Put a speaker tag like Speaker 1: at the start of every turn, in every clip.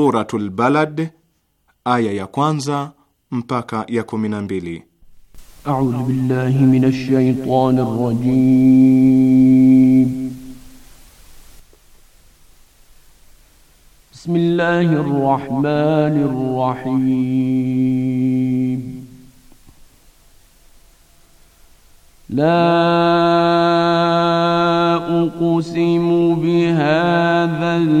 Speaker 1: Suratul Balad aya ya kwanza mpaka ya 12.
Speaker 2: A'udhu billahi minash shaitanir rajim. Bismillahir rahmanir rahim. La uqsimu bihadha al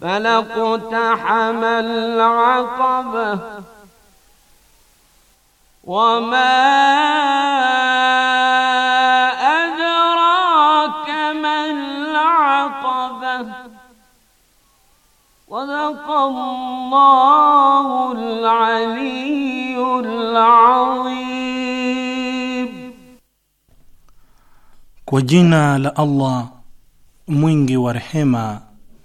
Speaker 2: فلقتحم العقبة وما أدراك ما العقبة صدق الله العلي
Speaker 3: العظيم وجنا لألله la Allah wa rehema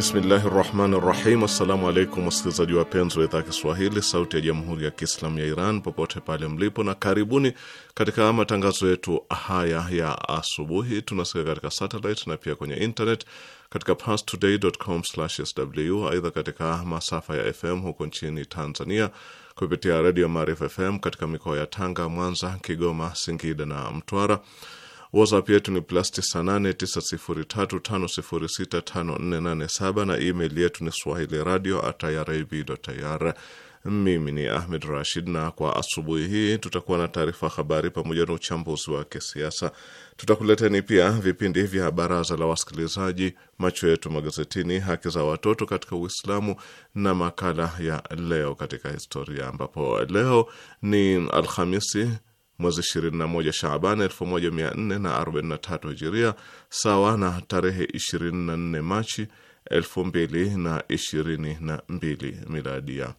Speaker 1: Bismillahi rahmani rahim. Assalamu alaikum wasikilizaji wapenzi wa idhaa Kiswahili sauti ya jamhuri ya Kiislamu ya Iran popote pale mlipo, na karibuni katika matangazo yetu haya ya asubuhi. Tunasikia katika satellite na pia kwenye internet katika pastodaycom sw Aidha, katika masafa ya FM huko nchini Tanzania kupitia redio Maarifa FM katika mikoa ya Tanga, Mwanza, Kigoma, Singida na Mtwara WhatsApp yetu ni plus 989035065487 na email yetu ni swahili radio at ir Mimi ni Ahmed Rashid, na kwa asubuhi hii tutakuwa na taarifa habari pamoja na uchambuzi wa kisiasa. Tutakuleteni pia vipindi vya baraza la wasikilizaji, macho yetu magazetini, haki za watoto katika Uislamu na makala ya leo katika historia, ambapo leo ni Alhamisi mwezi 21 Shaaban 1443 Hijiria, sawa na tarehe 24 Machi 2022 Miladia.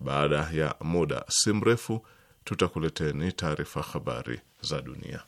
Speaker 1: Baada ya muda si mrefu, tutakuleteni taarifa habari za dunia.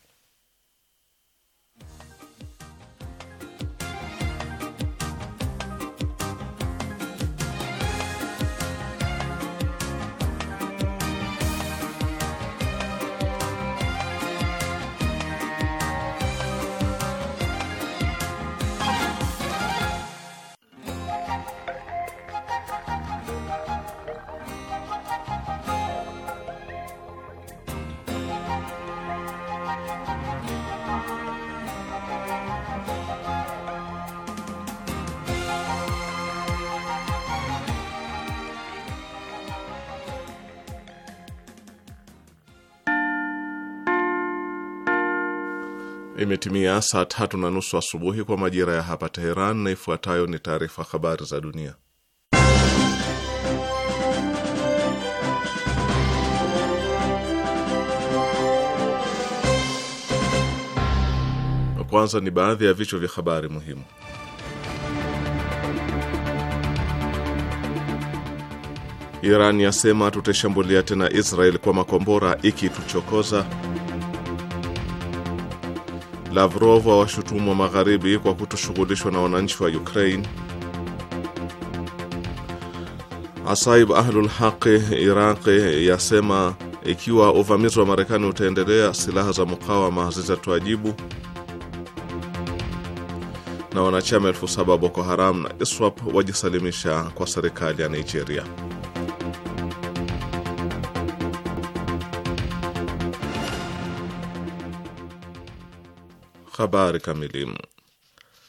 Speaker 1: imetimia saa tatu na nusu asubuhi kwa majira ya hapa Teheran, na ifuatayo ni taarifa habari za dunia. Kwanza ni baadhi ya vichwa vya habari muhimu. Iran yasema tutashambulia tena Israel kwa makombora ikituchokoza. Lavrov awashutumu wa magharibi kwa kutoshughulishwa na wananchi wa Ukraine. Asaib Ahlul Haqi Iraqi yasema ikiwa uvamizi wa Marekani utaendelea, silaha za mukawama zitatoajibu. Na wanachama elfu saba Boko Haram na ISWAP wajisalimisha kwa serikali ya Nigeria. Habari kamili.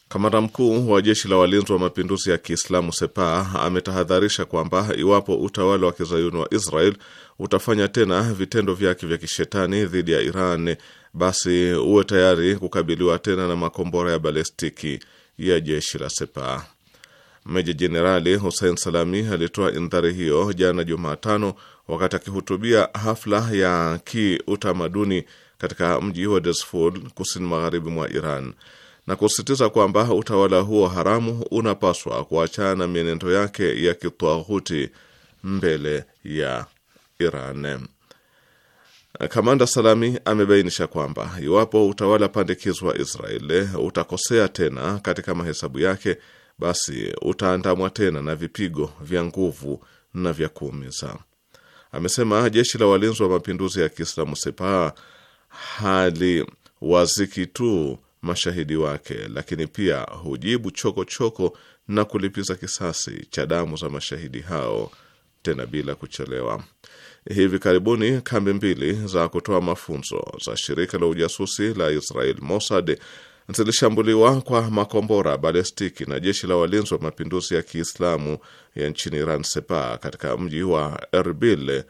Speaker 1: Kamanda mkuu wa jeshi la walinzi wa mapinduzi ya Kiislamu sepa ametahadharisha kwamba iwapo utawala wa kizayuni wa Israel utafanya tena vitendo vyake vya kishetani dhidi ya Iran, basi uwe tayari kukabiliwa tena na makombora ya balestiki ya jeshi la sepa Meja Jenerali Hussein Salami alitoa indhari hiyo jana Jumatano wakati akihutubia hafla ya kiutamaduni katika mji wa Desful kusini magharibi mwa Iran na kusisitiza kwamba utawala huo haramu unapaswa kuachana na mienendo yake ya kitwaghuti mbele ya Iran. Kamanda Salami amebainisha kwamba iwapo utawala wa Israeli utakosea tena katika mahesabu yake, basi utaandamwa tena na vipigo vya nguvu na vya kuumiza. Amesema jeshi la walinzi wa mapinduzi ya Kiislamu Sepah hali waziki tu mashahidi wake, lakini pia hujibu chokochoko choko na kulipiza kisasi cha damu za mashahidi hao, tena bila kuchelewa. Hivi karibuni kambi mbili za kutoa mafunzo za shirika la ujasusi la Israel Mossad zilishambuliwa kwa makombora balestiki na jeshi la walinzi wa mapinduzi ya Kiislamu ya nchini Iran katika mji wa Erbil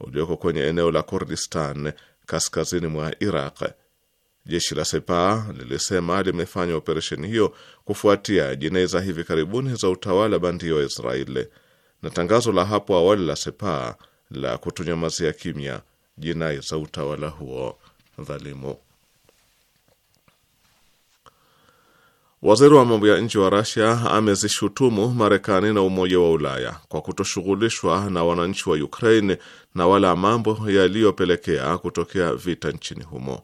Speaker 1: ulioko kwenye eneo la Kurdistan kaskazini mwa Iraq. Jeshi la Sepa lilisema limefanya operesheni hiyo kufuatia jineza hivi karibuni za utawala bandia wa Israeli na tangazo la hapo awali la Sepa la kutunyamazia kimya jinai za utawala huo dhalimu. Waziri wa mambo ya nje wa Rasia amezishutumu Marekani na Umoja wa Ulaya kwa kutoshughulishwa na wananchi wa Ukraine na wala mambo yaliyopelekea kutokea vita nchini humo.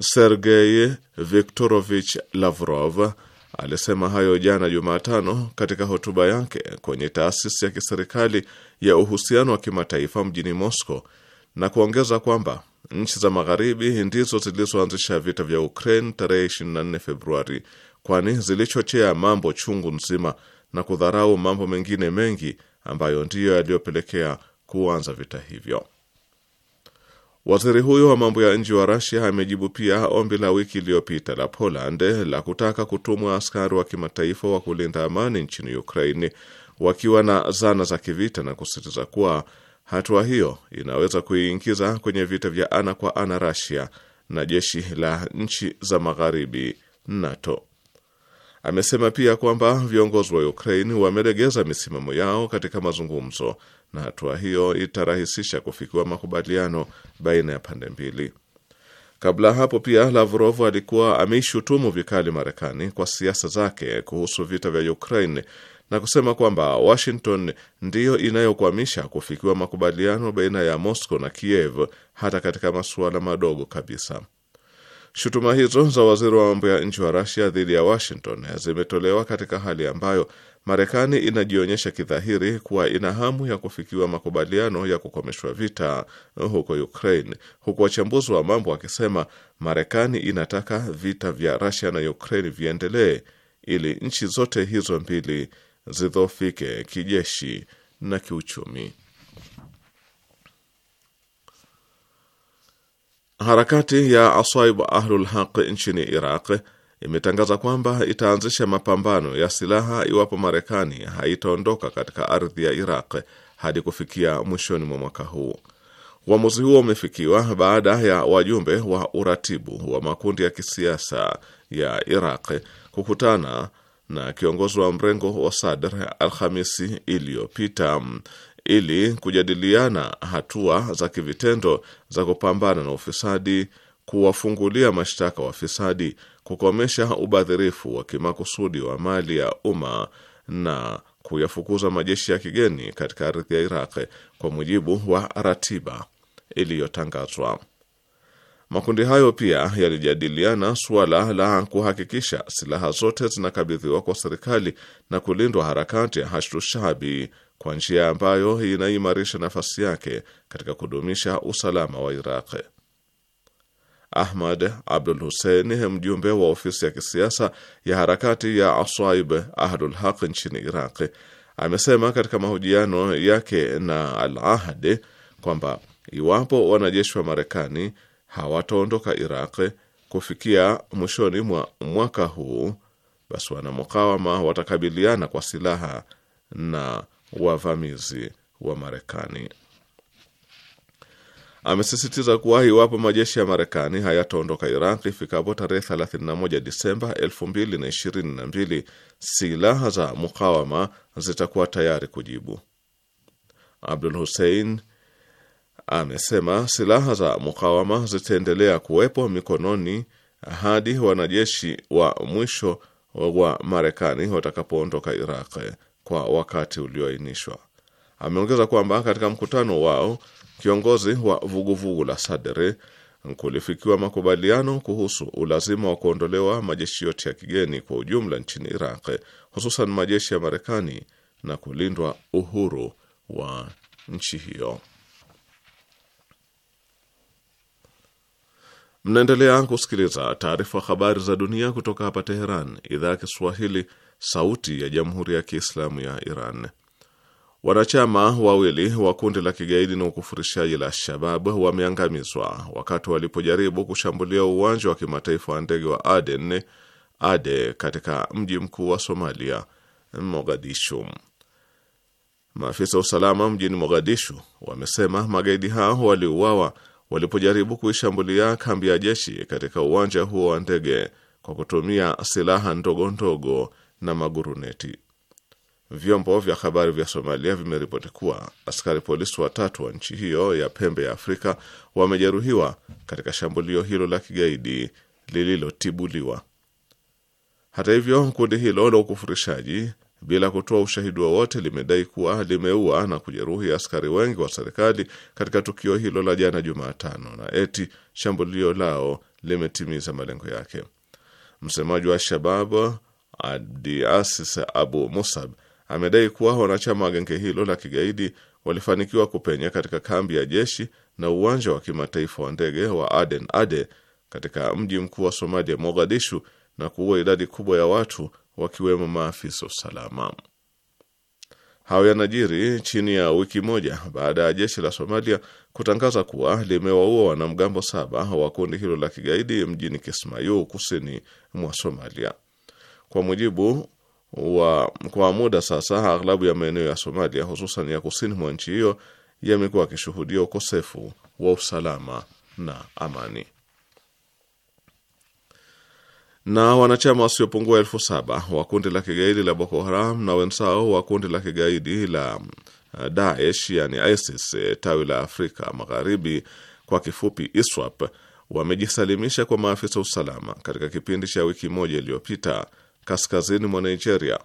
Speaker 1: Sergei Viktorovich Lavrov alisema hayo jana Jumatano katika hotuba yake kwenye taasisi ya kiserikali ya uhusiano wa kimataifa mjini Moscow na kuongeza kwamba Nchi za Magharibi ndizo zilizoanzisha vita vya Ukraine tarehe 24 Februari, kwani zilichochea mambo chungu nzima na kudharau mambo mengine mengi ambayo ndiyo yaliyopelekea kuanza vita hivyo. Waziri huyo wa mambo ya nje wa Rasia amejibu pia ombi la wiki iliyopita la Poland la kutaka kutumwa askari wa kimataifa wa kulinda amani nchini Ukraini wakiwa na zana za kivita na kusisitiza kuwa Hatua hiyo inaweza kuiingiza kwenye vita vya ana kwa ana Rasia na jeshi la nchi za magharibi NATO. Amesema pia kwamba viongozi wa Ukraine wamelegeza misimamo yao katika mazungumzo na hatua hiyo itarahisisha kufikiwa makubaliano baina ya pande mbili. Kabla hapo pia Lavrov alikuwa ameishutumu vikali Marekani kwa siasa zake kuhusu vita vya Ukraine na kusema kwamba Washington ndiyo inayokwamisha kufikiwa makubaliano baina ya Moscow na Kiev hata katika masuala madogo kabisa. Shutuma hizo za waziri wa mambo ya nchi wa rusia dhidi ya Washington zimetolewa katika hali ambayo Marekani inajionyesha kidhahiri kuwa ina hamu ya kufikiwa makubaliano ya kukomeshwa vita huko Ukraine, huku wachambuzi wa mambo wakisema Marekani inataka vita vya rusia na Ukraine viendelee ili nchi zote hizo mbili zidhoofike kijeshi na kiuchumi. Harakati ya Aswaib Ahlul Haq nchini Iraq imetangaza kwamba itaanzisha mapambano ya silaha iwapo Marekani haitaondoka katika ardhi ya Iraq hadi kufikia mwishoni mwa mwaka huu. Uamuzi huo umefikiwa baada ya wajumbe wa uratibu wa makundi ya kisiasa ya Iraq kukutana na kiongozi wa mrengo wa Sadr Alhamisi iliyopita ili kujadiliana hatua za kivitendo za kupambana na ufisadi, kuwafungulia mashtaka wafisadi, kukomesha ubadhirifu wa kimakusudi wa mali ya umma na kuyafukuza majeshi ya kigeni katika ardhi ya Iraq kwa mujibu wa ratiba iliyotangazwa. Makundi hayo pia yalijadiliana suala la kuhakikisha silaha zote zinakabidhiwa kwa serikali na kulindwa harakati ya Hashdu kwa njia ambayo inaimarisha nafasi yake katika kudumisha usalama wa Iraq. Ahmad Abdul Hussein, mjumbe wa ofisi ya kisiasa ya harakati ya Asaib Ahlul Haq nchini Iraq, amesema katika mahojiano yake na Al Ahd kwamba iwapo wanajeshi wa Marekani hawataondoka Iraq kufikia mwishoni mwa mwaka huu, basi wanamukawama watakabiliana kwa silaha na wavamizi wa Marekani. Amesisitiza kuwa iwapo majeshi ya Marekani hayataondoka Iraq ifikapo tarehe 31 Disemba 2022 silaha za mukawama zitakuwa tayari kujibu. Abdul Hussein amesema silaha za mukawama zitaendelea kuwepo mikononi hadi wanajeshi wa mwisho wa Marekani watakapoondoka Iraq kwa wakati ulioainishwa. Ameongeza kwamba katika mkutano wao kiongozi wa vuguvugu vugu la Sadri kulifikiwa makubaliano kuhusu ulazima wa kuondolewa majeshi yote ya kigeni kwa ujumla nchini Iraq, hususan majeshi ya Marekani na kulindwa uhuru wa nchi hiyo. Mnaendelea kusikiliza taarifa habari za dunia kutoka hapa Teheran, idhaa ya Kiswahili, sauti ya jamhuri ya kiislamu ya Iran. Wanachama wawili wa kundi la kigaidi na ukufurishaji la Shabab wameangamizwa wakati walipojaribu kushambulia uwanja wa kimataifa wa ndege wa Aden Ade katika mji mkuu wa Somalia, Mogadishu. Maafisa wa usalama mjini Mogadishu wamesema magaidi hao waliuawa walipojaribu kuishambulia kambi ya jeshi katika uwanja huo wa ndege kwa kutumia silaha ndogo ndogo na maguruneti. Vyombo vya habari vya Somalia vimeripoti kuwa askari polisi watatu wa nchi hiyo ya pembe ya Afrika wamejeruhiwa katika shambulio hilo la kigaidi lililotibuliwa. Hata hivyo, kundi hilo la ukufurishaji bila kutoa ushahidi wowote limedai kuwa limeua na kujeruhi askari wengi wa serikali katika tukio hilo la jana Jumatano, na eti shambulio lao limetimiza malengo yake. Msemaji wa Shabab Adiasis Abu Musab amedai kuwa wanachama wa genge hilo la kigaidi walifanikiwa kupenya katika kambi ya jeshi na uwanja wa kimataifa wa ndege wa Aden Ade katika mji mkuu wa Somalia, Mogadishu, na kuua idadi kubwa ya watu wakiwemo maafisa usalama. Hayo yanajiri chini ya wiki moja baada ya jeshi la Somalia kutangaza kuwa limewaua wanamgambo saba wa kundi hilo la kigaidi mjini Kismayu, kusini mwa Somalia. Kwa mujibu wa, kwa muda sasa, aghlabu ya maeneo ya Somalia hususan ya kusini mwa nchi hiyo yamekuwa yakishuhudia ukosefu wa usalama na amani na wanachama wasiopungua elfu saba wa kundi la kigaidi la Boko Haram na wenzao wa kundi la kigaidi la eh, Daesh yani ISIS eh, tawi la Afrika Magharibi kwa kifupi ISWAP wamejisalimisha kwa maafisa usalama katika kipindi cha wiki moja iliyopita kaskazini mwa Nigeria.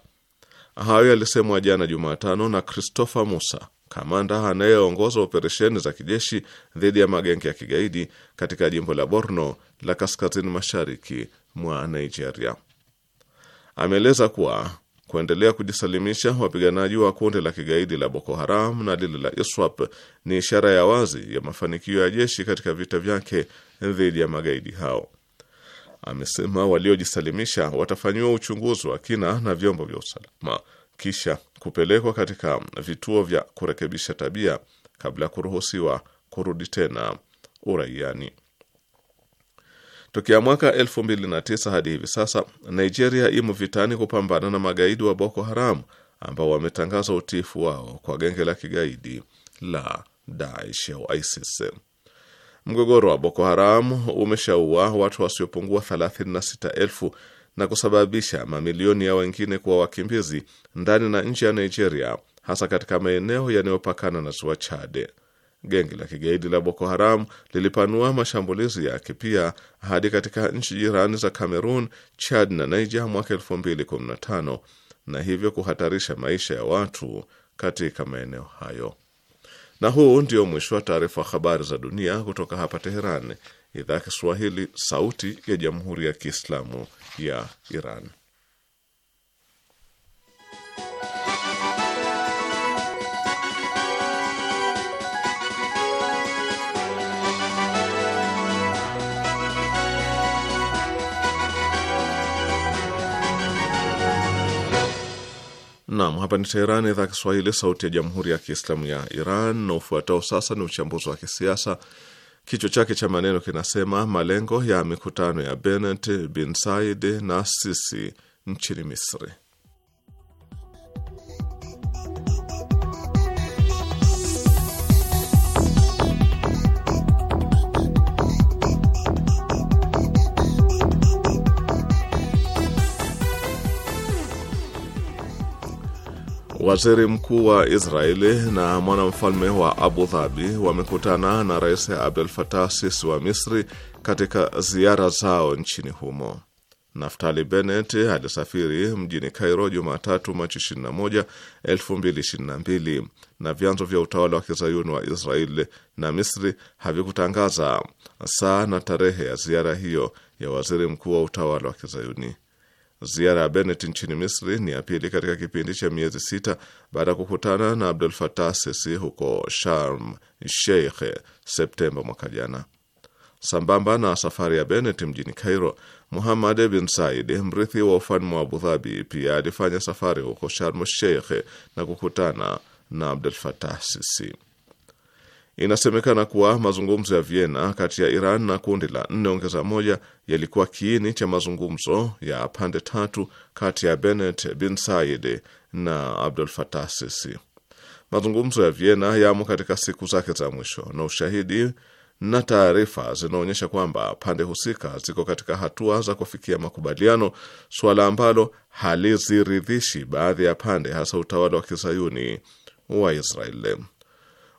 Speaker 1: Hayo yalisemwa jana Jumatano na Christopher Musa, kamanda anayeongoza operesheni za kijeshi dhidi ya magenge ya kigaidi katika jimbo la Borno la kaskazini mashariki mwa Nigeria. Ameeleza kuwa kuendelea kujisalimisha wapiganaji wa kundi la kigaidi la Boko Haram na lile la ISWAP ni ishara ya wazi ya mafanikio ya jeshi katika vita vyake dhidi ya magaidi hao. Amesema waliojisalimisha watafanyiwa uchunguzi wa kina na vyombo vya usalama kisha kupelekwa katika vituo vya kurekebisha tabia kabla ya kuruhusiwa kurudi tena uraiani. Tokea mwaka 2009 hadi hivi sasa, Nigeria imo vitani kupambana na magaidi wa Boko Haram ambao wametangaza utiifu wao kwa genge la kigaidi la Daesh au ISIS. Mgogoro wa Boko Haram umeshaua watu wasiopungua 36,000 na kusababisha mamilioni ya wengine kuwa wakimbizi ndani na nje ya Nigeria, hasa katika maeneo yanayopakana na ziwa Chade. Genge la kigaidi la Boko Haram lilipanua mashambulizi yake pia hadi katika nchi jirani za Cameroon, Chad na Niger mwaka 2015 na hivyo kuhatarisha maisha ya watu katika maeneo hayo. Na huu ndio mwisho wa taarifa habari za dunia kutoka hapa Teheran, idhaa Kiswahili, sauti ya Jamhuri ya Kiislamu ya Iran. Naam, hapa ni teheran idhaa Kiswahili, sauti ya jamhuri ya kiislamu ya Iran. Na ufuatao sasa ni uchambuzi wa kisiasa, kichwa chake cha maneno kinasema malengo ya mikutano ya Bennett bin Said na Sisi nchini Misri. Waziri mkuu wa Israeli na mwanamfalme wa Abu Dhabi wamekutana na Rais Abdel Fattah Sisi wa Misri katika ziara zao nchini humo. Naftali Bennett alisafiri mjini Cairo Jumatatu, Machi 21, 2022 na vyanzo vya utawala wa kizayuni wa Israeli na Misri havikutangaza saa na tarehe ya ziara hiyo ya waziri mkuu wa utawala wa kizayuni. Ziara ya benet nchini Misri ni ya pili katika kipindi cha miezi sita baada ya kukutana na Abdul Fatah Sisi huko Sharm Sheikh Septemba mwaka jana. Sambamba na safari ya benet mjini Cairo, Muhammad bin Said, mrithi wa ufalme wa Abu Dhabi, pia alifanya safari huko Sharm Sheikh na kukutana na Abdul Fatah Sisi. Inasemekana kuwa mazungumzo ya Vienna kati ya Iran na kundi la nne ongeza moja yalikuwa kiini cha mazungumzo ya pande tatu kati ya benet bin Said na Abdul Fatah Sisi. Mazungumzo ya Vienna yamo katika siku zake za mwisho na ushahidi na taarifa zinaonyesha kwamba pande husika ziko katika hatua za kufikia makubaliano, suala ambalo haliziridhishi baadhi ya pande, hasa utawala wa kizayuni wa Israeli.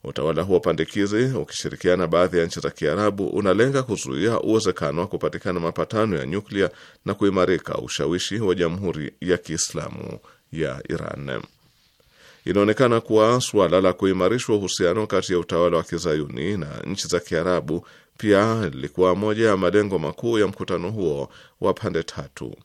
Speaker 1: Utawala huo pandikizi ukishirikiana baadhi ya nchi za Kiarabu unalenga kuzuia uwezekano wa kupatikana mapatano ya nyuklia na kuimarika ushawishi wa Jamhuri ya Kiislamu ya Iran. Inaonekana kuwa suala la kuimarishwa uhusiano kati ya utawala wa kizayuni na nchi za Kiarabu pia lilikuwa moja ya malengo makuu ya mkutano huo wa pande tatu.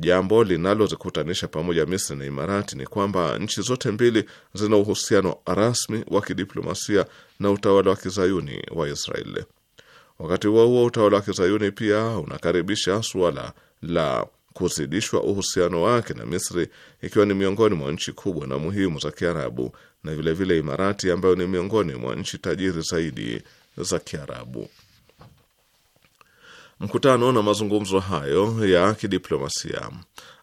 Speaker 1: Jambo linalozikutanisha pamoja Misri na Imarati ni kwamba nchi zote mbili zina uhusiano rasmi wa kidiplomasia na utawala wa kizayuni wa Israeli. Wakati huo huo, utawala wa kizayuni pia unakaribisha suala la kuzidishwa uhusiano wake na Misri, ikiwa ni miongoni mwa nchi kubwa na muhimu za Kiarabu na vilevile vile Imarati ambayo ni miongoni mwa nchi tajiri zaidi za Kiarabu. Mkutano na mazungumzo hayo ya kidiplomasia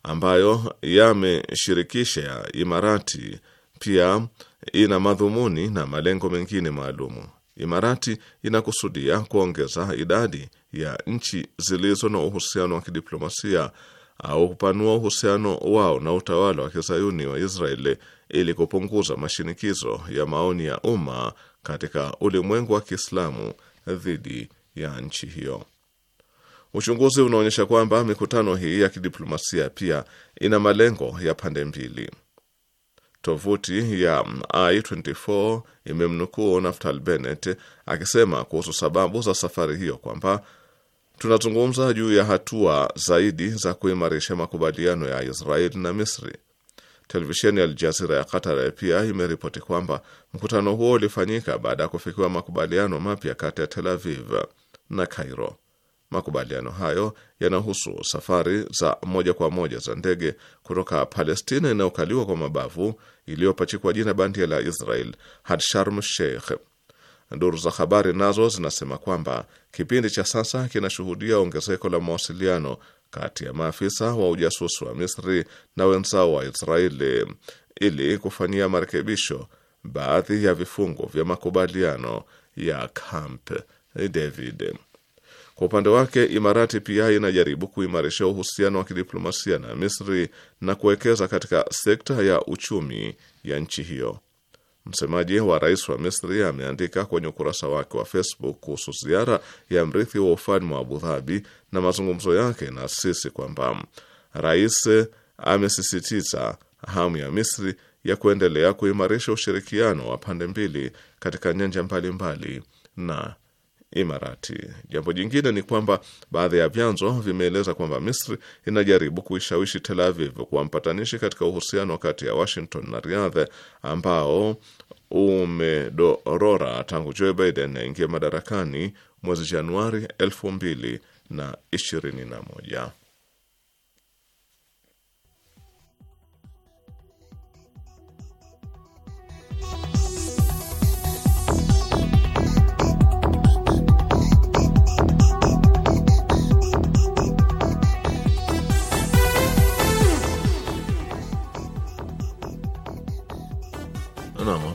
Speaker 1: ambayo yameshirikisha Imarati pia ina madhumuni na malengo mengine maalumu. Imarati inakusudia kuongeza idadi ya nchi zilizo na uhusiano wa kidiplomasia au kupanua uhusiano wao na utawala wa kizayuni wa Israeli ili kupunguza mashinikizo ya maoni ya umma katika ulimwengu wa Kiislamu dhidi ya nchi hiyo. Uchunguzi unaonyesha kwamba mikutano hii ya kidiplomasia pia ina malengo ya pande mbili. Tovuti ya um, i24 imemnukuu Naftali Bennett akisema kuhusu sababu za safari hiyo kwamba tunazungumza juu ya hatua zaidi za kuimarisha makubaliano ya Israeli na Misri. Televisheni ya Aljazira ya Qatar pia imeripoti kwamba mkutano huo ulifanyika baada ya kufikiwa makubaliano mapya kati ya Tel Aviv na Cairo. Makubaliano hayo yanahusu safari za moja kwa moja za ndege kutoka Palestina inayokaliwa kwa mabavu iliyopachikwa jina bandia la Israel hadsharm Sharm Sheikh. Duru za habari nazo zinasema kwamba kipindi cha sasa kinashuhudia ongezeko la mawasiliano kati ya maafisa wa ujasusi wa Misri na wenzao wa Israeli ili kufanyia marekebisho baadhi ya vifungu vya makubaliano ya Camp David. Kwa upande wake, Imarati pia inajaribu kuimarisha uhusiano wa kidiplomasia na Misri na kuwekeza katika sekta ya uchumi ya nchi hiyo. Msemaji wa rais wa Misri ameandika kwenye ukurasa wake wa Facebook kuhusu ziara ya mrithi wa ufalme wa Abu Dhabi na mazungumzo yake na sisi kwamba rais amesisitiza hamu ya Misri ya kuendelea kuimarisha ushirikiano wa pande mbili katika nyanja mbalimbali na Imarati. Jambo jingine ni kwamba baadhi ya vyanzo vimeeleza kwamba Misri inajaribu kuishawishi Tel Aviv kuwa mpatanishi katika uhusiano kati ya Washington na Riyadh ambao umedorora tangu Joe Biden aingia madarakani mwezi Januari 221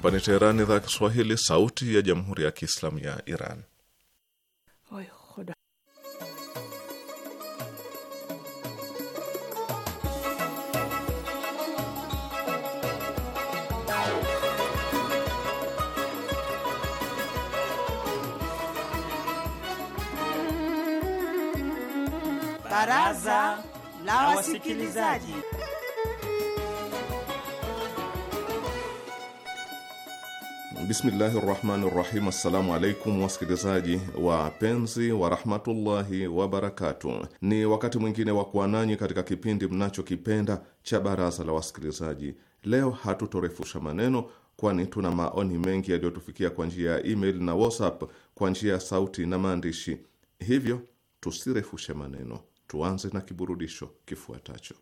Speaker 1: Hapa ni Teherani, idhaa ya Kiswahili, sauti ya jamhuri ya kiislamu ya Iran.
Speaker 4: Baraza la Wasikilizaji.
Speaker 1: Bismillahi rahmani rahim. Assalamu alaikum wasikilizaji wapenzi warahmatullahi wabarakatuh. Ni wakati mwingine wa kuwa nanyi katika kipindi mnachokipenda cha baraza la wasikilizaji. Leo hatutorefusha maneno, kwani tuna maoni mengi yaliyotufikia kwa njia ya email na WhatsApp kwa njia ya sauti na maandishi, hivyo tusirefushe maneno, tuanze na kiburudisho kifuatacho.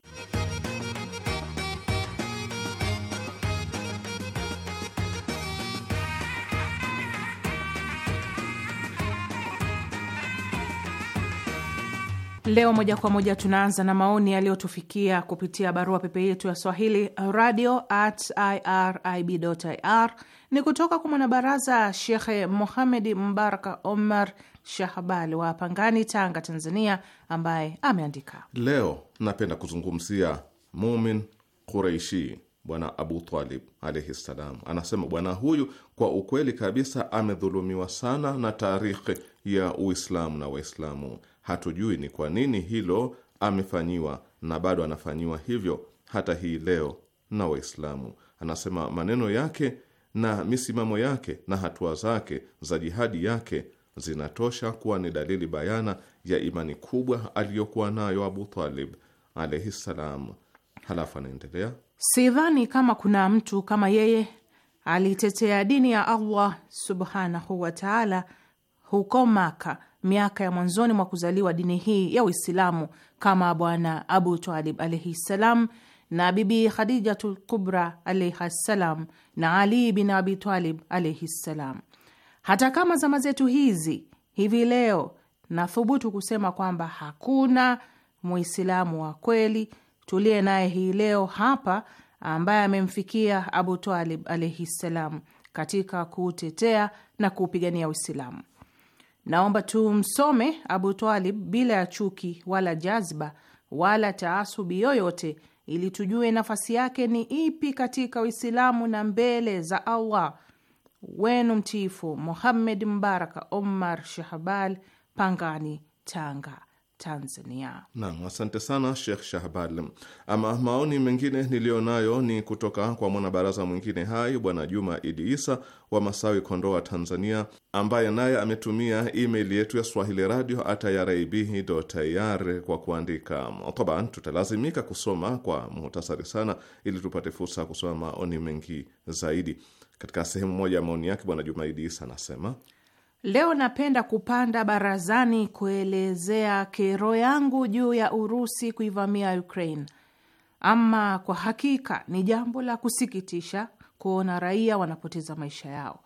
Speaker 4: Leo moja kwa moja tunaanza na maoni yaliyotufikia kupitia barua pepe yetu ya Swahili radio at irib ir. Ni kutoka kwa mwanabaraza Shekhe muhamedi Mbaraka Omar Shahbal wa Pangani, Tanga, Tanzania, ambaye ameandika
Speaker 1: leo, napenda kuzungumzia Mumin qureishi Bwana Abu Talib alaihi ssalam. Anasema bwana huyu kwa ukweli kabisa amedhulumiwa sana na taarikhi ya Uislamu na Waislamu Hatujui ni kwa nini hilo amefanyiwa na bado anafanyiwa hivyo hata hii leo na Waislamu. Anasema maneno yake na misimamo yake na hatua zake za jihadi yake zinatosha kuwa ni dalili bayana ya imani kubwa aliyokuwa nayo Abu Talib alaihi ssalam. Halafu anaendelea,
Speaker 4: sidhani kama kuna mtu kama yeye alitetea dini ya Allah subhanahu wataala huko Maka miaka ya mwanzoni mwa kuzaliwa dini hii ya Uislamu kama Bwana Abu Talib alaihi ssalam na Bibi Khadijatul Lkubra alaiha ssalam na Ali bin Abi Talib alaihi ssalam. Hata kama zama zetu hizi hivi leo, nathubutu kusema kwamba hakuna Muislamu wa kweli tuliye naye hii leo hapa ambaye amemfikia Abu Talib alaihi ssalam katika kuutetea na kuupigania Uislamu. Naomba tumsome Abu Talib bila ya chuki wala jazba wala taasubi yoyote, ili tujue nafasi yake ni ipi katika Uislamu na mbele za Allah. Wenu mtiifu Muhammed Mbaraka Omar Shahbal, Pangani, Tanga. Tanzania.
Speaker 1: Naam, asante sana Sheikh Shahbal. Ama maoni mengine niliyo nayo ni kutoka kwa mwanabaraza mwingine hai Bwana Juma Idi Isa wa Masawi, Kondoa, Tanzania, ambaye naye ametumia email yetu ya swahili radio irib.ir kwa kuandika. toba. tutalazimika kusoma kwa muhtasari sana ili tupate fursa ya kusoma maoni mengi zaidi. Katika sehemu moja ya maoni yake Bwana Juma Idi Isa anasema:
Speaker 4: Leo napenda kupanda barazani kuelezea kero yangu juu ya Urusi kuivamia Ukraine. Ama kwa hakika ni jambo la kusikitisha kuona raia wanapoteza maisha yao.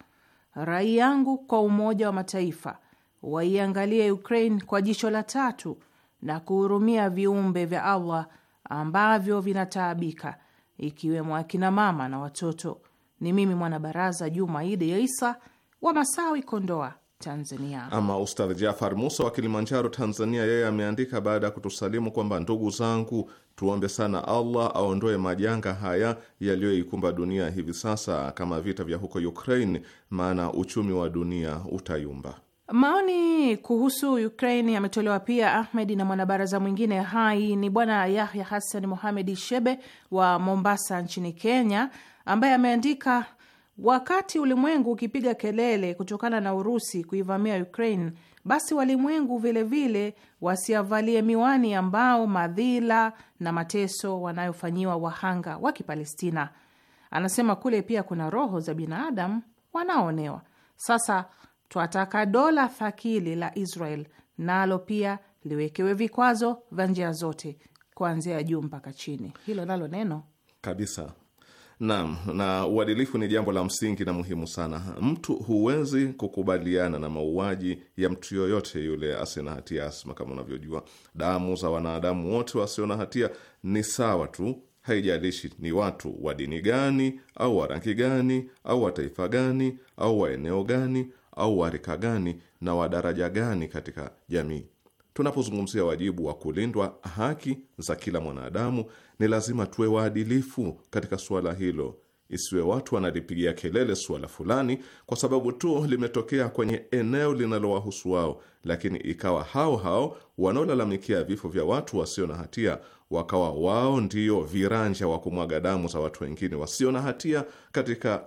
Speaker 4: Rai yangu kwa Umoja wa Mataifa waiangalie Ukraine kwa jicho la tatu na kuhurumia viumbe vya Allah ambavyo vinataabika ikiwemo akina mama na watoto. Ni mimi mwanabaraza Juma Idi Isa wa Masawi, Kondoa, Tanzania.
Speaker 1: Ama Ustadh Jafar Musa wa Kilimanjaro, Tanzania, yeye ameandika baada ya kutusalimu kwamba ndugu zangu, tuombe sana Allah aondoe majanga haya yaliyoikumba dunia hivi sasa, kama vita vya huko Ukraine, maana uchumi wa dunia utayumba.
Speaker 4: Maoni kuhusu ukrain yametolewa pia Ahmed na mwanabaraza mwingine hai ni Bwana Yahya Hassan Mohamed Shebe wa Mombasa nchini Kenya, ambaye ameandika Wakati ulimwengu ukipiga kelele kutokana na Urusi kuivamia Ukraine, basi walimwengu vilevile wasiavalie miwani ambao madhila na mateso wanayofanyiwa wahanga wa Kipalestina. Anasema kule pia kuna roho za binadamu wanaoonewa. Sasa twataka dola thakili la Israel nalo pia liwekewe vikwazo vya njia zote kuanzia juu mpaka chini. Hilo nalo neno
Speaker 1: kabisa Naam, na uadilifu ni jambo la msingi na muhimu sana. Mtu huwezi kukubaliana na mauaji ya mtu yoyote yule asiye na hatia. Asma, kama unavyojua, damu za wanadamu wote wasio na hatia ni sawa tu, haijalishi ni watu wa dini gani au wa rangi gani au wa taifa gani au wa eneo gani au wa rika gani na wa daraja gani katika jamii. Tunapozungumzia wajibu wa kulindwa haki za kila mwanadamu, ni lazima tuwe waadilifu katika suala hilo. Isiwe watu wanalipigia kelele suala fulani kwa sababu tu limetokea kwenye eneo linalowahusu wao, lakini ikawa hao hao wanaolalamikia vifo vya watu wasio na hatia wakawa wao ndio viranja wa kumwaga damu za watu wengine wasio na hatia katika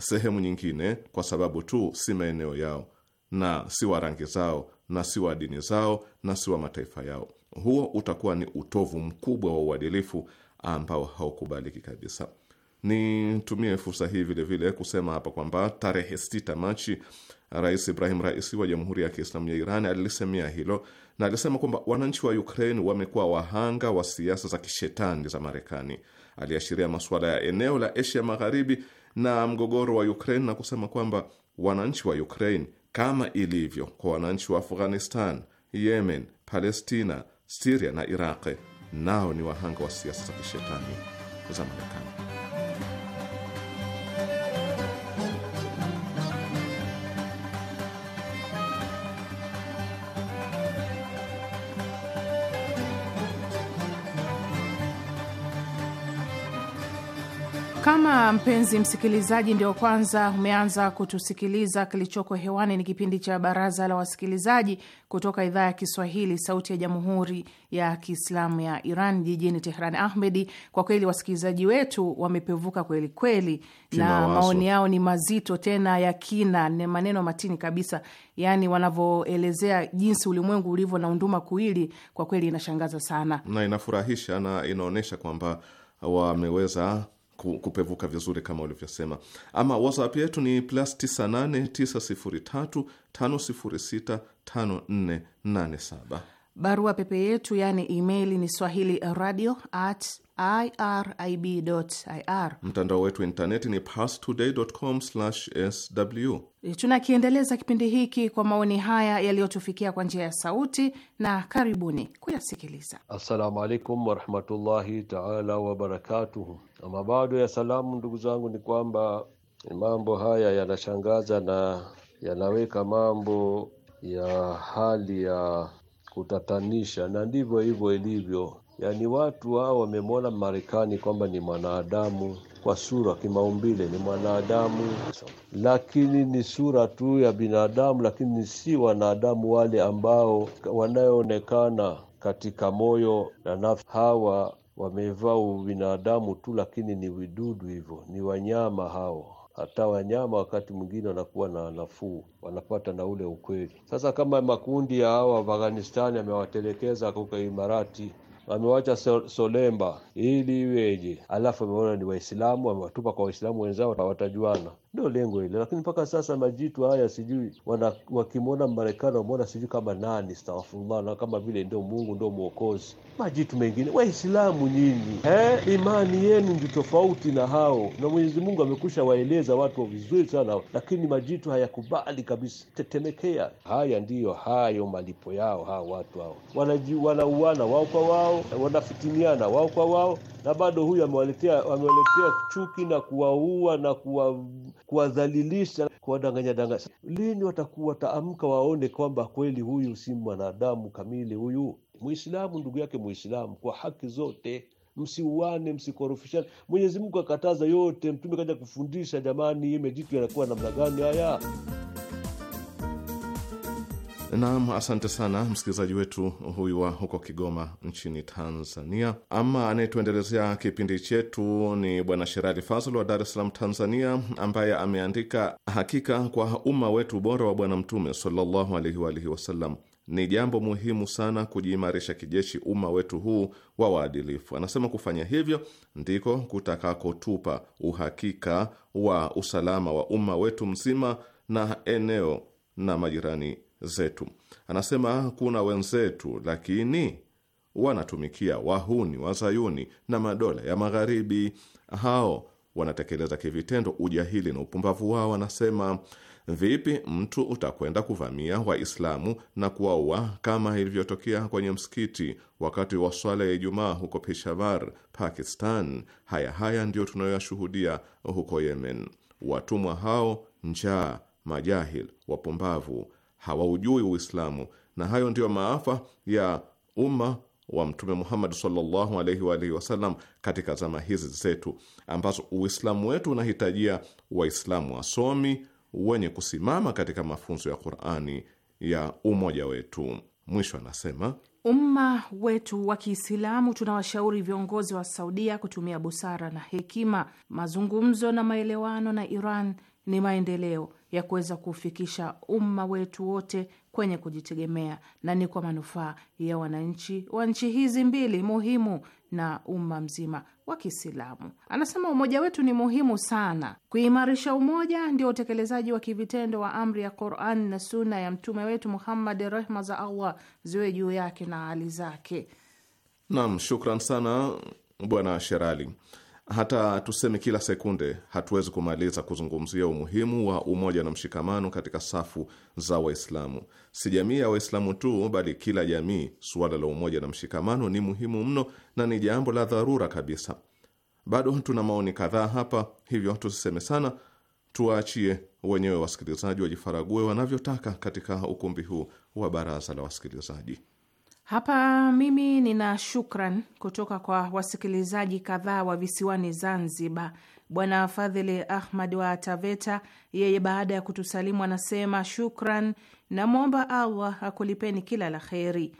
Speaker 1: sehemu nyingine, kwa sababu tu si maeneo yao na si wa rangi zao na si wa dini zao na si wa mataifa yao. Huo utakuwa ni utovu mkubwa wa uadilifu ambao haukubaliki kabisa. Nitumie fursa hii vilevile vile kusema hapa kwamba tarehe 6 Machi, Rais Ibrahim Raisi wa Jamhuri ya Kiislamu ya Iran alilisemea hilo na alisema kwamba wananchi wa Ukraine wamekuwa wahanga wa siasa za kishetani za Marekani. Aliashiria masuala ya eneo la Asia Magharibi na mgogoro wa Ukraine na kusema kwamba wananchi wa Ukraine kama ilivyo kwa wananchi wa Afghanistan, Yemen, Palestina, Siria na Iraqi, nao ni wahanga wa siasa za kishetani za Marekani.
Speaker 4: Kama mpenzi msikilizaji ndio kwanza umeanza kutusikiliza, kilichoko hewani ni kipindi cha Baraza la Wasikilizaji kutoka idhaa ya Kiswahili, Sauti ya Jamhuri ya Kiislamu ya Iran jijini tehran Ahmedi, kwa kweli wasikilizaji wetu wamepevuka kweli kweli na maoni yao ni mazito tena ya kina, ni maneno matini kabisa. Yani wanavyoelezea jinsi ulimwengu ulivyo na unduma kuili, kwa kweli inashangaza sana
Speaker 1: na inafurahisha na inaonyesha kwamba wameweza kupevuka vizuri kama ulivyosema. Ama WhatsApp yetu ni plus 989035065487.
Speaker 4: Barua pepe yetu yaani email ni swahili radio at irib.ir.
Speaker 1: Mtandao wetu wa intaneti ni pastodaycom sw
Speaker 4: Tunakiendeleza kipindi hiki kwa maoni haya yaliyotufikia kwa njia ya sauti, na karibuni kuyasikiliza.
Speaker 5: Assalamu alaikum warahmatullahi taala wabarakatuhu. Ama bado ya salamu, ndugu zangu, ni kwamba mambo haya yanashangaza na yanaweka mambo ya hali ya kutatanisha, na ndivyo hivyo ilivyo Yaani watu hao wamemwona Marekani kwamba ni mwanadamu kwa sura, kimaumbile ni mwanadamu, lakini ni sura tu ya binadamu, lakini si wanadamu wale ambao wanayoonekana katika moyo na nafsi. Hawa wamevaa ubinadamu tu, lakini ni vidudu hivyo, ni wanyama hao. Hata wanyama wakati mwingine wanakuwa na nafuu, wanapata na ule ukweli. Sasa kama makundi ya hawa Afghanistani amewatelekeza kuka Imarati amewacha Solemba ili iweje? Alafu ameona ni Waislamu, amewatupa kwa Waislamu wenzao, watajuana. Ndio lengo hili, lakini mpaka sasa majitu haya sijui wakimwona Marekani wamona sijui kama nani, astaghfirullah, na kama vile ndio Mungu ndio mwokozi. Majitu mengine, Waislamu nyinyi, eh, imani yenu ndio tofauti na hao, na Mwenyezi Mungu amekusha waeleza watu vizuri sana, lakini majitu hayakubali kabisa, tetemekea. Haya ndiyo hayo malipo yao, hao watu hao wanauana wao kwa wao, wanafitiniana wao kwa wao wao na bado huyu amewaletea amewaletea chuki na kuwaua na kuwadhalilisha, kuwadanganya danganya. Lini watakuwa wataamka, waone kwamba kweli huyu si mwanadamu kamili? Huyu Muislamu ndugu yake Muislamu kwa haki zote Msiuane, msikorofishane. Mwenyezi Mungu akataza yote, Mtume kaja kufundisha. Jamani, imejitu mejitu yanakuwa namna gani? haya
Speaker 1: Naam, asante sana msikilizaji wetu huyu wa huko Kigoma nchini Tanzania. Ama anayetuendelezea kipindi chetu ni bwana Sherali Fazl wa Dar es Salaam, Tanzania, ambaye ameandika hakika kwa umma wetu bora wa Bwana Mtume sallallahu alaihi wa alihi wasallam ni jambo muhimu sana kujiimarisha kijeshi umma wetu huu wa waadilifu. Anasema kufanya hivyo ndiko kutakakotupa uhakika wa usalama wa umma wetu mzima na eneo na majirani zetu. Anasema kuna wenzetu, lakini wanatumikia wahuni wazayuni na madola ya magharibi. Hao wanatekeleza kivitendo ujahili na upumbavu wao. Anasema vipi mtu utakwenda kuvamia Waislamu na kuwaua kama ilivyotokea kwenye msikiti wakati wa swala ya Ijumaa huko Peshawar, Pakistan? Haya haya ndiyo tunayoyashuhudia huko Yemen. Watumwa hao, njaa, majahil, wapumbavu hawaujui Uislamu, na hayo ndiyo maafa ya umma wa Mtume Muhammad sallallahu alaihi wa alihi wasallam katika zama hizi zetu ambazo Uislamu wetu unahitajia Waislamu wasomi wenye kusimama katika mafunzo ya Qur'ani ya umoja wetu. Mwisho anasema
Speaker 4: umma wetu wa Kiislamu tunawashauri viongozi wa Saudia kutumia busara na hekima. Mazungumzo na maelewano na Iran ni maendeleo ya kuweza kufikisha umma wetu wote kwenye kujitegemea na ni kwa manufaa ya wananchi wa nchi hizi mbili muhimu na umma mzima wa Kiislamu. Anasema umoja wetu ni muhimu sana. Kuimarisha umoja ndio utekelezaji wa kivitendo wa amri ya Quran na Sunna ya mtume wetu Muhammad, rehma za Allah ziwe juu yake na hali zake.
Speaker 1: Naam, shukran sana Bwana Sherali. Hata tuseme kila sekunde, hatuwezi kumaliza kuzungumzia umuhimu wa umoja na mshikamano katika safu za Waislamu. Si jamii ya Waislamu tu, bali kila jamii, suala la umoja na mshikamano ni muhimu mno na ni jambo la dharura kabisa. Bado tuna maoni kadhaa hapa, hivyo tusiseme sana, tuwaachie wenyewe wasikilizaji wajifarague wanavyotaka katika ukumbi huu wa baraza la wasikilizaji.
Speaker 4: Hapa mimi nina shukran kutoka kwa wasikilizaji kadhaa wa visiwani Zanzibar. Bwana Fadhili Ahmad wa Taveta, yeye baada ya kutusalimu anasema shukran, namwomba Allah akulipeni kila la kheri.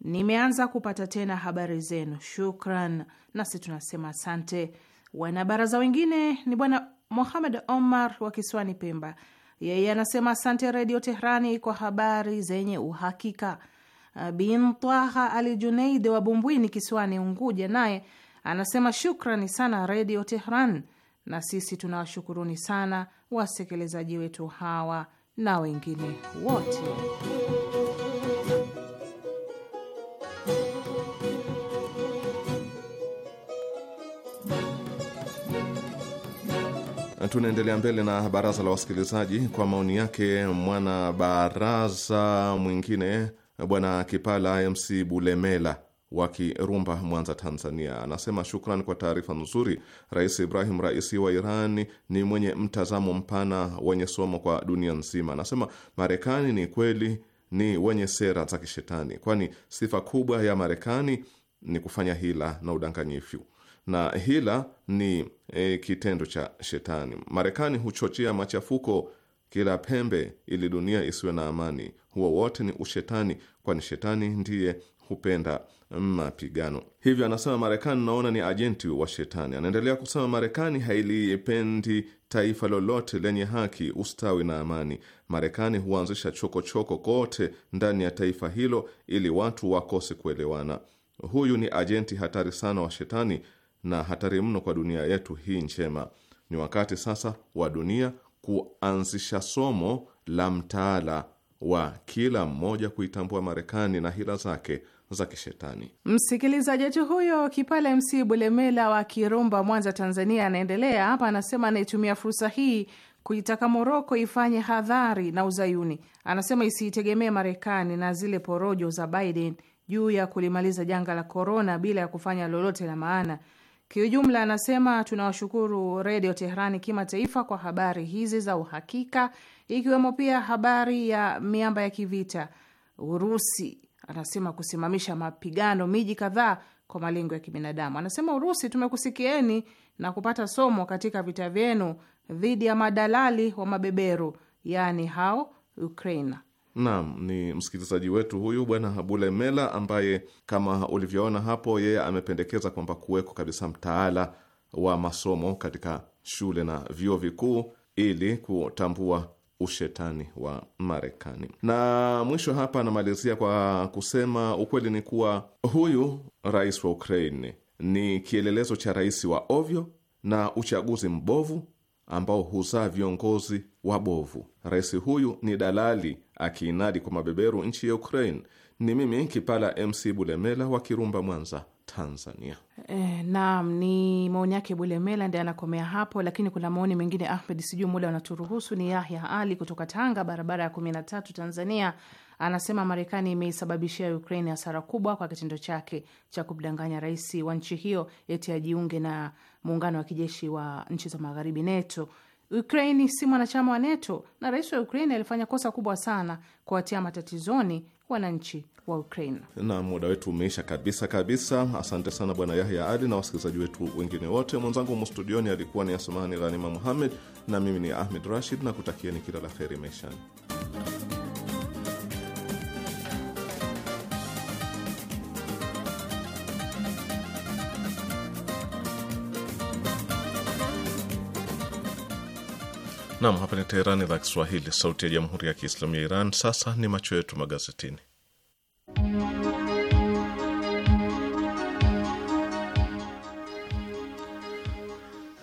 Speaker 4: Nimeanza kupata tena habari zenu, shukran. Nasi tunasema asante. Wanabaraza wengine ni Bwana Muhamed Omar wa kisiwani Pemba, yeye anasema asante Redio teherani kwa habari zenye uhakika bin Twaha Ali Juneidi wa Bumbwini kisiwani Unguja, naye anasema shukrani sana Redio Tehran, na sisi tunawashukuruni sana wasikilizaji wetu hawa na wengine wote.
Speaker 1: Tunaendelea mbele na baraza la wasikilizaji kwa maoni yake mwana baraza mwingine Bwana Kipala MC Bulemela wa Kirumba, Mwanza, Tanzania, anasema shukran kwa taarifa nzuri. Rais Ibrahim Raisi wa iran ni mwenye mtazamo mpana wenye somo kwa dunia nzima. Anasema Marekani ni kweli ni wenye sera za kishetani, kwani sifa kubwa ya Marekani ni kufanya hila na udanganyifu, na hila ni e, kitendo cha shetani. Marekani huchochea machafuko kila pembe ili dunia isiwe na amani huo wote ni ushetani, kwani shetani ndiye hupenda mapigano. Hivyo anasema Marekani, naona ni ajenti wa shetani. Anaendelea kusema, Marekani hailipendi taifa lolote lenye haki, ustawi na amani. Marekani huanzisha chokochoko kote ndani ya taifa hilo ili watu wakose kuelewana. Huyu ni ajenti hatari sana wa shetani na hatari mno kwa dunia yetu hii njema. Ni wakati sasa wa dunia kuanzisha somo la mtaala wa kila mmoja kuitambua Marekani na hila zake za kishetani.
Speaker 4: Msikilizaji wetu huyo Kipale MC Bulemela wa Kirumba, Mwanza, Tanzania, anaendelea hapa, anasema anaitumia fursa hii kuitaka Moroko ifanye hadhari na Uzayuni. Anasema isiitegemee Marekani na zile porojo za Biden juu ya kulimaliza janga la korona bila ya kufanya lolote la maana. Kiujumla, anasema tunawashukuru Redio Teherani Kimataifa kwa habari hizi za uhakika ikiwemo pia habari ya miamba ya kivita. Urusi anasema kusimamisha mapigano miji kadhaa kwa malengo ya kibinadamu. Anasema Urusi, tumekusikieni na kupata somo katika vita vyenu dhidi ya madalali wa mabeberu, yaani hao Ukraina.
Speaker 1: Naam, ni msikilizaji wetu huyu Bwana Habule Mela, ambaye kama ulivyoona hapo, yeye amependekeza kwamba kuweko kabisa mtaala wa masomo katika shule na vyuo vikuu ili kutambua ushetani wa Marekani. Na mwisho hapa anamalizia kwa kusema ukweli ni kuwa huyu rais wa Ukraine ni kielelezo cha rais wa ovyo na uchaguzi mbovu ambao huzaa viongozi wabovu. Rais huyu ni dalali akiinadi kwa mabeberu nchi ya Ukraine. Ni mimi Kipala MC Bulemela wa Kirumba, Mwanza. Tanzania.
Speaker 4: Eh, naam, ni maoni yake Mela ndiye anakomea hapo, lakini kuna maoni mengine Ahmed, sijui muda unaturuhusu. Ni Yahya Ali kutoka Tanga, barabara ya kumi na tatu, Tanzania, anasema Marekani imeisababishia Ukraine hasara kubwa kwa kitendo chake cha kumdanganya rais wa nchi hiyo eti ajiunge na muungano wa kijeshi wa nchi za magharibi NATO. Ukraini si mwanachama wa NATO na rais wa Ukraini alifanya kosa kubwa sana kuwatia matatizoni wananchi wa Ukraine.
Speaker 1: Na muda wetu umeisha kabisa kabisa. Asante sana Bwana Yahya Ali na wasikilizaji wetu wengine wote. Mwenzangu mustudioni alikuwa ni Asmani Ghanima Muhammed na mimi ni Ahmed Rashid na kutakieni kila la heri maishani. Nam, hapa ni Teherani, idhaa Kiswahili, sauti ya jamhuri ya kiislamu ya Iran. Sasa ni macho yetu magazetini.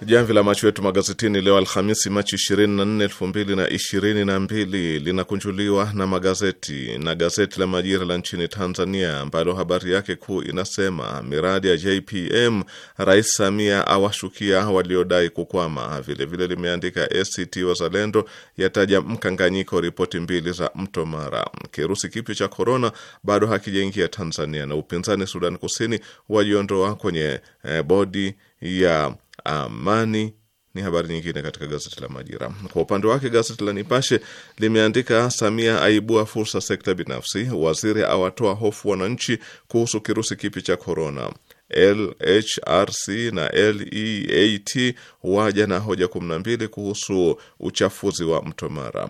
Speaker 1: Jamvi la macho yetu magazetini leo Alhamisi, Machi 24, 2022 linakunjuliwa na magazeti na gazeti la Majira la nchini Tanzania, ambalo habari yake kuu inasema miradi ya JPM, Rais Samia awashukia waliodai kukwama. Vilevile limeandika ACT Wazalendo yataja mkanganyiko ripoti mbili za Mto Mara, kirusi kipya cha korona bado hakijaingia Tanzania, na upinzani Sudan Kusini wajiondoa kwenye eh, bodi ya amani ni habari nyingine katika gazeti la Majira. Kwa upande wake gazeti la Nipashe limeandika Samia aibua fursa sekta binafsi, waziri awatoa hofu wananchi kuhusu kirusi kipi cha korona. LHRC na LEAT waja na hoja 12 kuhusu uchafuzi wa mto Mara.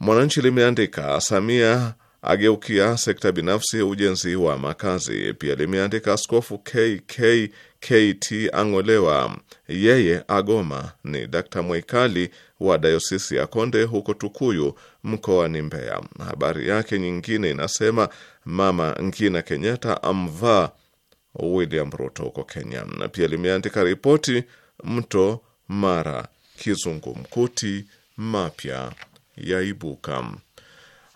Speaker 1: Mwananchi limeandika Samia ageukia sekta binafsi ujenzi wa makazi. Pia limeandika Askofu KK KT Ang'olewa, yeye agoma, ni Dkt Mwaikali wa dayosisi ya Konde huko Tukuyu mkoani Mbeya. Habari yake nyingine inasema Mama Ngina Kenyatta amvaa William Ruto huko Kenya. Na pia limeandika ripoti mto Mara kizungumkuti mapya yaibuka.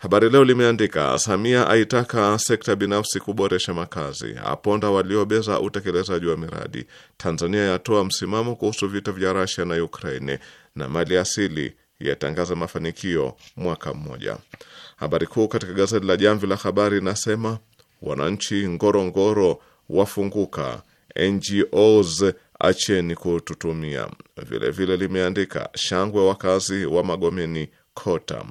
Speaker 1: Habari Leo limeandika Samia aitaka sekta binafsi kuboresha makazi, aponda waliobeza utekelezaji wa miradi, Tanzania yatoa msimamo kuhusu vita vya rasia na Ukraine, na mali asili yatangaza mafanikio mwaka mmoja. Habari kuu katika gazeti la Jamvi la Habari inasema wananchi Ngorongoro wafunguka, NGOs acheni kututumia. Vilevile limeandika shangwe wakazi wa Magomeni Kota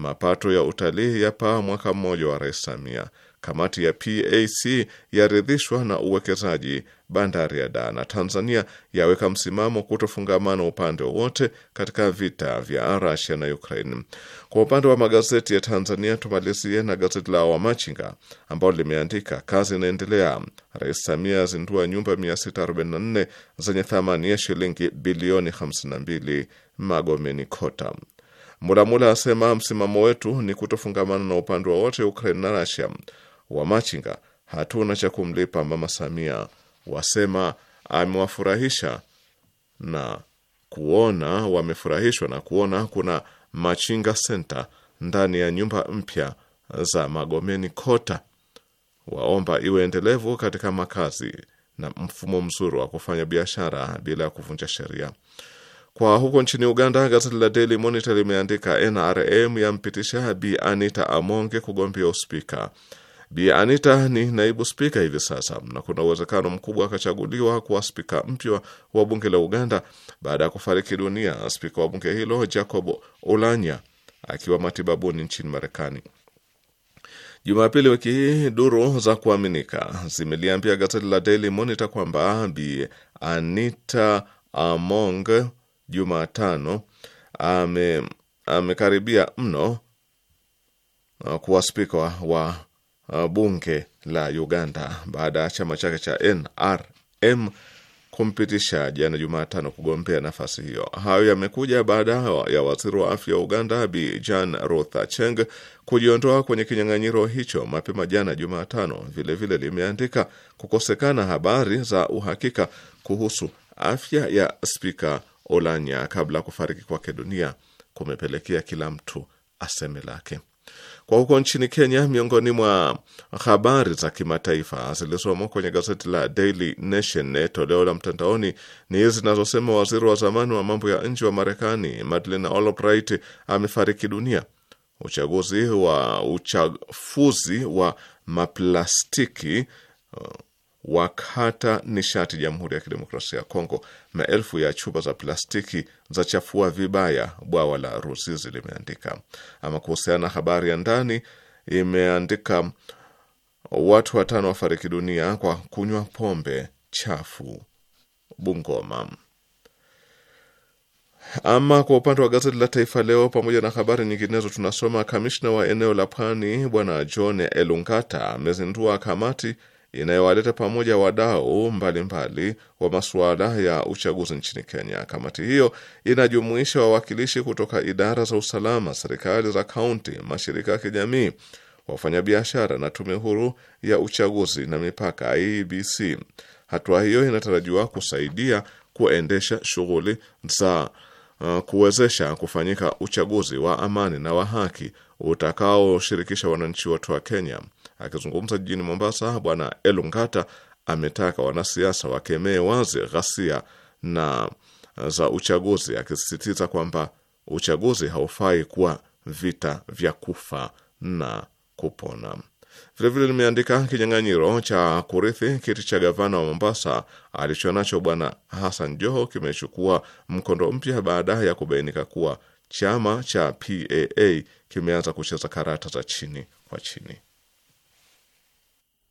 Speaker 1: Mapato ya utalii yapaa mwaka mmoja wa Rais Samia. Kamati ya PAC yaridhishwa na uwekezaji bandari ya Dar na Tanzania yaweka msimamo kutofungamana upande wowote katika vita vya Russia na Ukraine. Kwa upande wa magazeti ya Tanzania, tumalizie na gazeti la Wamachinga ambalo limeandika kazi inaendelea, Rais Samia azindua nyumba 644 zenye thamani ya shilingi bilioni 52 Magomeni Kota. Mulamula asema msimamo wetu ni kutofungamana na upande wowote Ukraine na Rasia. Wamachinga hatuna cha kumlipa Mama Samia, wasema amewafurahisha na kuona wamefurahishwa na kuona kuna machinga senta ndani ya nyumba mpya za Magomeni Kota. Waomba iwe endelevu katika makazi na mfumo mzuri wa kufanya biashara bila ya kuvunja sheria. Kwa huko nchini Uganda, gazeti la Daily Monitor limeandika NRM yampitisha Bi Anita Amonge kugombea uspika. Bi Anita ni naibu spika hivi sasa na kuna uwezekano mkubwa akachaguliwa kuwa spika mpya wa bunge la Uganda baada ya kufariki dunia spika wa bunge hilo Jacob Olanya akiwa matibabuni nchini Marekani. Jumapili wiki hii, duru za kuaminika zimeliambia gazeti la Daily Monitor kwamba Bi Anita Amonge Jumatano amekaribia mno uh, kuwa spika wa uh, bunge la Uganda baada ya chama chake cha NRM kumpitisha jana Jumatano kugombea nafasi hiyo. Hayo yamekuja baada ya waziri wa afya wa Uganda Bi jan Ruth Aceng kujiondoa kwenye kinyang'anyiro hicho mapema jana Jumatano. Vilevile limeandika kukosekana habari za uhakika kuhusu afya ya spika Olanya kabla ya kufariki kwake dunia kumepelekea kila mtu aseme lake. Kwa huko nchini Kenya, miongoni mwa habari za kimataifa zilizomo kwenye gazeti la Daily Nation toleo la mtandaoni ni zinazosema waziri wa zamani wa mambo ya nje wa Marekani Madeleine Albright amefariki dunia. Uchaguzi wa uchafuzi wa maplastiki uh, wakata nishati Jamhuri ya Kidemokrasia ya Kongo, maelfu ya chupa za plastiki za chafua vibaya bwawa la Ruzizi, limeandika. Ama kuhusiana na habari ya ndani, imeandika watu watano wafariki dunia kwa kunywa pombe chafu Bungoma. Ama kwa upande wa gazeti la Taifa Leo, pamoja na habari nyinginezo, tunasoma kamishna wa eneo la Pwani Bwana John Elungata amezindua kamati inayowaleta pamoja wadau mbalimbali wa masuala ya uchaguzi nchini Kenya. Kamati hiyo inajumuisha wawakilishi kutoka idara za usalama, serikali za kaunti, mashirika ya kijamii, wafanyabiashara na tume huru ya uchaguzi na mipaka IEBC. Hatua hiyo inatarajiwa kusaidia kuendesha shughuli za uh, kuwezesha kufanyika uchaguzi wa amani na wa haki utakaoshirikisha wananchi wote wa Kenya Akizungumza jijini Mombasa, Bwana Elungata ametaka wanasiasa wakemee wazi ghasia na eh, za uchaguzi, akisisitiza kwamba uchaguzi haufai kuwa vita vya kufa na kupona. Vilevile limeandika kinyang'anyiro cha kurithi kiti cha gavana wa Mombasa alichonacho bwana Hassan Joho kimechukua mkondo mpya baada ya kubainika kuwa chama cha PAA kimeanza kucheza karata za chini kwa chini.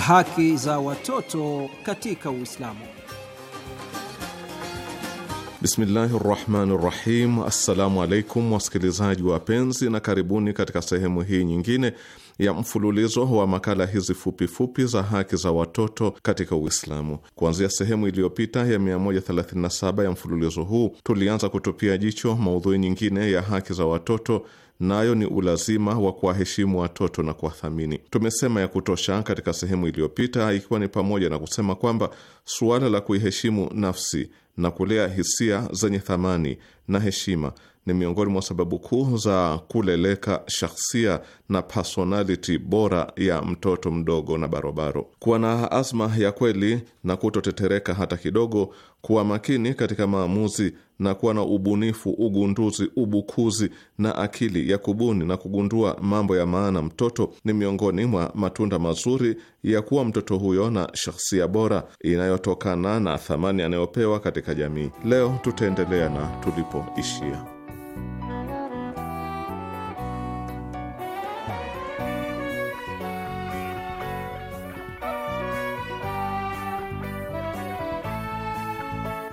Speaker 3: Haki za watoto katika Uislamu.
Speaker 1: Bismillahi rahmani rahim. Assalamu alaikum wasikilizaji wapenzi, na karibuni katika sehemu hii nyingine ya mfululizo wa makala hizi fupifupi fupi za haki za watoto katika Uislamu. Kuanzia sehemu iliyopita ya 137 ya mfululizo huu, tulianza kutupia jicho maudhui nyingine ya haki za watoto nayo na ni ulazima wa kuwaheshimu watoto na kuwathamini. Tumesema ya kutosha katika sehemu iliyopita, ikiwa ni pamoja na kusema kwamba suala la kuiheshimu nafsi na kulea hisia zenye thamani na heshima ni miongoni mwa sababu kuu za kuleleka shakhsia na personality bora ya mtoto mdogo na barobaro. Kuwa na azma ya kweli na kutotetereka hata kidogo, kuwa makini katika maamuzi na kuwa na ubunifu, ugunduzi, ubukuzi na akili ya kubuni na kugundua mambo ya maana mtoto ni miongoni mwa matunda mazuri ya kuwa mtoto huyo na shakhsia bora inayotokana na thamani anayopewa katika jamii. Leo tutaendelea na tulipoishia.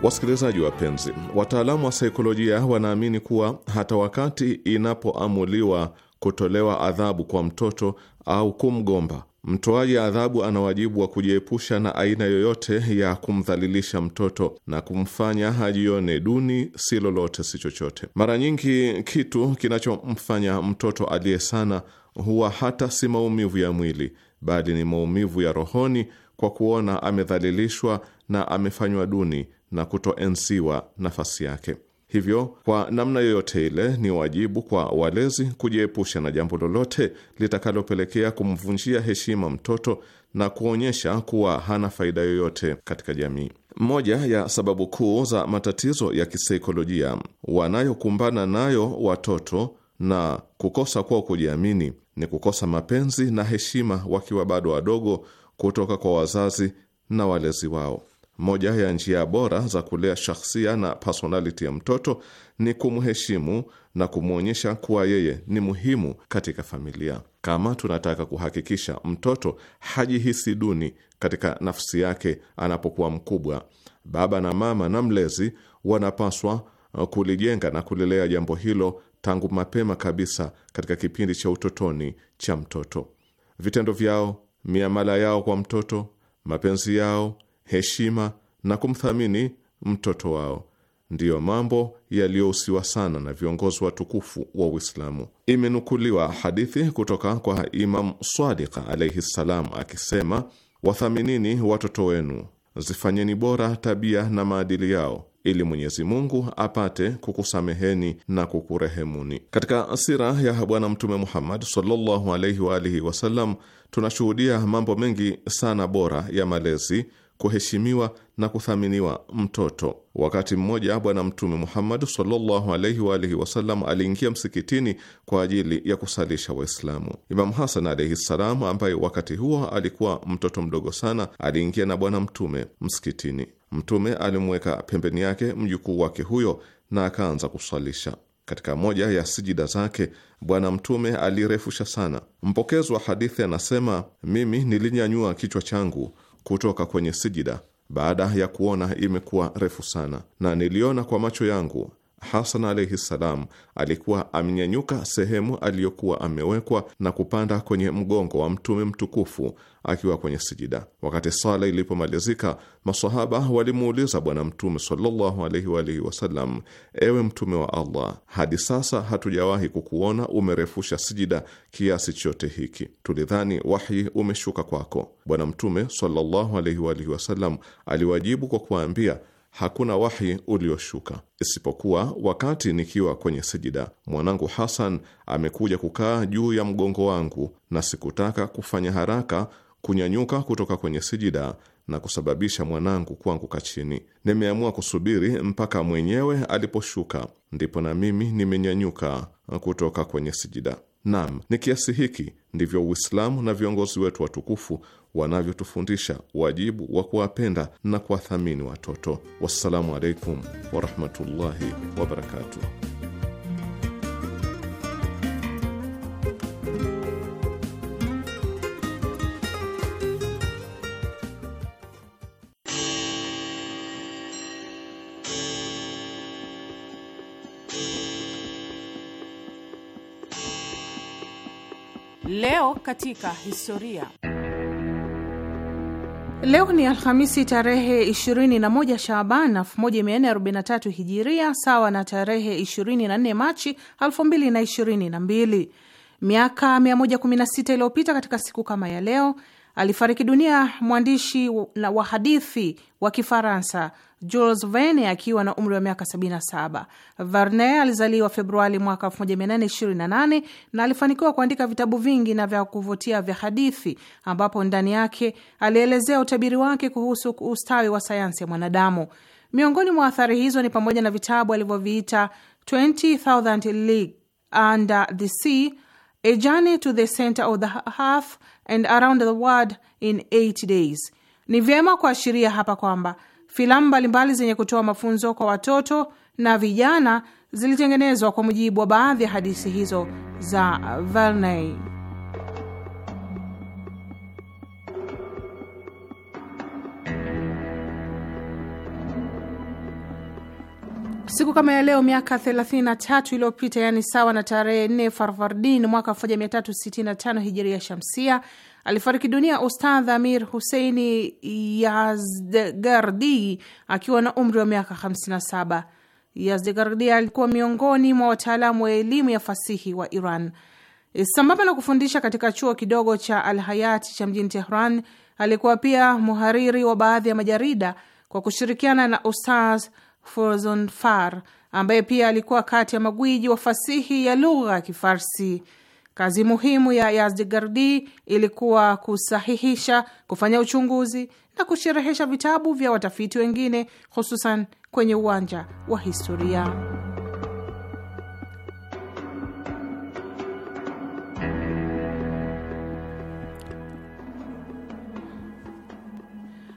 Speaker 1: Wasikilizaji wapenzi, wataalamu wa saikolojia wanaamini kuwa hata wakati inapoamuliwa kutolewa adhabu kwa mtoto au kumgomba, mtoaji adhabu ana wajibu wa kujiepusha na aina yoyote ya kumdhalilisha mtoto na kumfanya ajione duni, si lolote si chochote. Mara nyingi kitu kinachomfanya mtoto aliye sana huwa hata si maumivu ya mwili, bali ni maumivu ya rohoni, kwa kuona amedhalilishwa na amefanywa duni na kutoensiwa nafasi yake. Hivyo, kwa namna yoyote ile, ni wajibu kwa walezi kujiepusha na jambo lolote litakalopelekea kumvunjia heshima mtoto na kuonyesha kuwa hana faida yoyote katika jamii. Moja ya sababu kuu za matatizo ya kisaikolojia wanayokumbana nayo watoto na kukosa kwao kujiamini ni kukosa mapenzi na heshima wakiwa bado wadogo kutoka kwa wazazi na walezi wao. Moja ya njia bora za kulea shakhsia na personality ya mtoto ni kumheshimu na kumwonyesha kuwa yeye ni muhimu katika familia. Kama tunataka kuhakikisha mtoto hajihisi duni katika nafsi yake anapokuwa mkubwa, baba na mama na mlezi wanapaswa uh, kulijenga na kulilea jambo hilo tangu mapema kabisa katika kipindi cha utotoni cha mtoto. Vitendo vyao, miamala yao kwa mtoto, mapenzi yao heshima na kumthamini mtoto wao ndiyo mambo yaliyousiwa sana na viongozi watukufu wa Uislamu. Imenukuliwa hadithi kutoka kwa Imam Swadika alaihi ssalam akisema, wathaminini watoto wenu, zifanyeni bora tabia na maadili yao ili Mwenyezi Mungu apate kukusameheni na kukurehemuni. Katika sira ya Bwana Mtume Muhammad sallallahu alaihi wa alihi wasallam tunashuhudia mambo mengi sana bora ya malezi kuheshimiwa na kuthaminiwa mtoto. Wakati mmoja, Bwana Mtume Muhammad sallallahu alaihi wa alihi wasallam aliingia msikitini kwa ajili ya kusalisha Waislamu. Imamu Hasan alaihi ssalam, ambaye wakati huo alikuwa mtoto mdogo sana, aliingia na Bwana Mtume msikitini. Mtume alimweka pembeni yake mjukuu wake huyo na akaanza kusalisha. Katika moja ya sijida zake Bwana Mtume alirefusha sana. Mpokezi wa hadithi anasema, mimi nilinyanyua kichwa changu kutoka kwenye sijida baada ya kuona imekuwa refu sana, na niliona kwa macho yangu Hasan alaihi ssalam alikuwa amenyanyuka sehemu aliyokuwa amewekwa na kupanda kwenye mgongo wa mtume mtukufu akiwa kwenye sijida. Wakati sala ilipomalizika, masahaba walimuuliza Bwana Mtume sallallahu alaihi wa alihi wasallam, ewe Mtume wa Allah, hadi sasa hatujawahi kukuona umerefusha sijida kiasi chote hiki, tulidhani wahyi umeshuka kwako. Bwana Mtume sallallahu alaihi wa alihi wasallam aliwajibu kwa kuwaambia hakuna wahi ulioshuka isipokuwa wakati nikiwa kwenye sijida, mwanangu Hasan amekuja kukaa juu ya mgongo wangu, na sikutaka kufanya haraka kunyanyuka kutoka kwenye sijida na kusababisha mwanangu kuanguka chini. Nimeamua kusubiri mpaka mwenyewe aliposhuka, ndipo na mimi nimenyanyuka kutoka kwenye sijida. Naam, ni kiasi hiki ndivyo Uislamu na viongozi wetu watukufu wanavyotufundisha wajibu wa kuwapenda na kuwathamini watoto. Wassalamu alaikum warahmatullahi wabarakatuh.
Speaker 4: Leo katika historia Leo ni Alhamisi tarehe 21 Shaaban 1443 Hijiria, sawa na tarehe 24 Machi 2022. Miaka 116 iliyopita katika siku kama ya leo alifariki dunia mwandishi wa hadithi wa Kifaransa Jules Verne akiwa na umri wa miaka 77. Verne alizaliwa Februari mwaka 1828 na alifanikiwa kuandika vitabu vingi na vya kuvutia vya hadithi, ambapo ndani yake alielezea utabiri wake kuhusu ustawi wa sayansi ya mwanadamu. Miongoni mwa athari hizo ni pamoja na vitabu alivyoviita 20000 Leagues Under the Sea, A Journey to the Center of the Earth and Around the World in 8 Days. Ni vyema kuashiria hapa kwamba Filamu mbalimbali zenye kutoa mafunzo kwa watoto na vijana zilitengenezwa kwa mujibu wa baadhi ya hadithi hizo za Verney. Siku kama ya leo miaka 33 iliyopita, yani sawa na tarehe 4 Farvardin mwaka 1365 hijiria shamsia, Alifariki dunia Ustadh Amir Huseini Yazdegardi akiwa na umri wa miaka 57. Yazdegardi alikuwa miongoni mwa wataalamu wa elimu ya fasihi wa Iran. Sambamba na kufundisha katika chuo kidogo cha Al cha mjini Tehran, alikuwa pia muhariri wa baadhi ya majarida kwa kushirikiana na Ustadh Fozonfar ambaye pia alikuwa kati ya magwiji wa fasihi ya lugha ya Kifarsi. Kazi muhimu ya Yazdgardi ilikuwa kusahihisha, kufanya uchunguzi na kusherehesha vitabu vya watafiti wengine, hususan kwenye uwanja wa historia.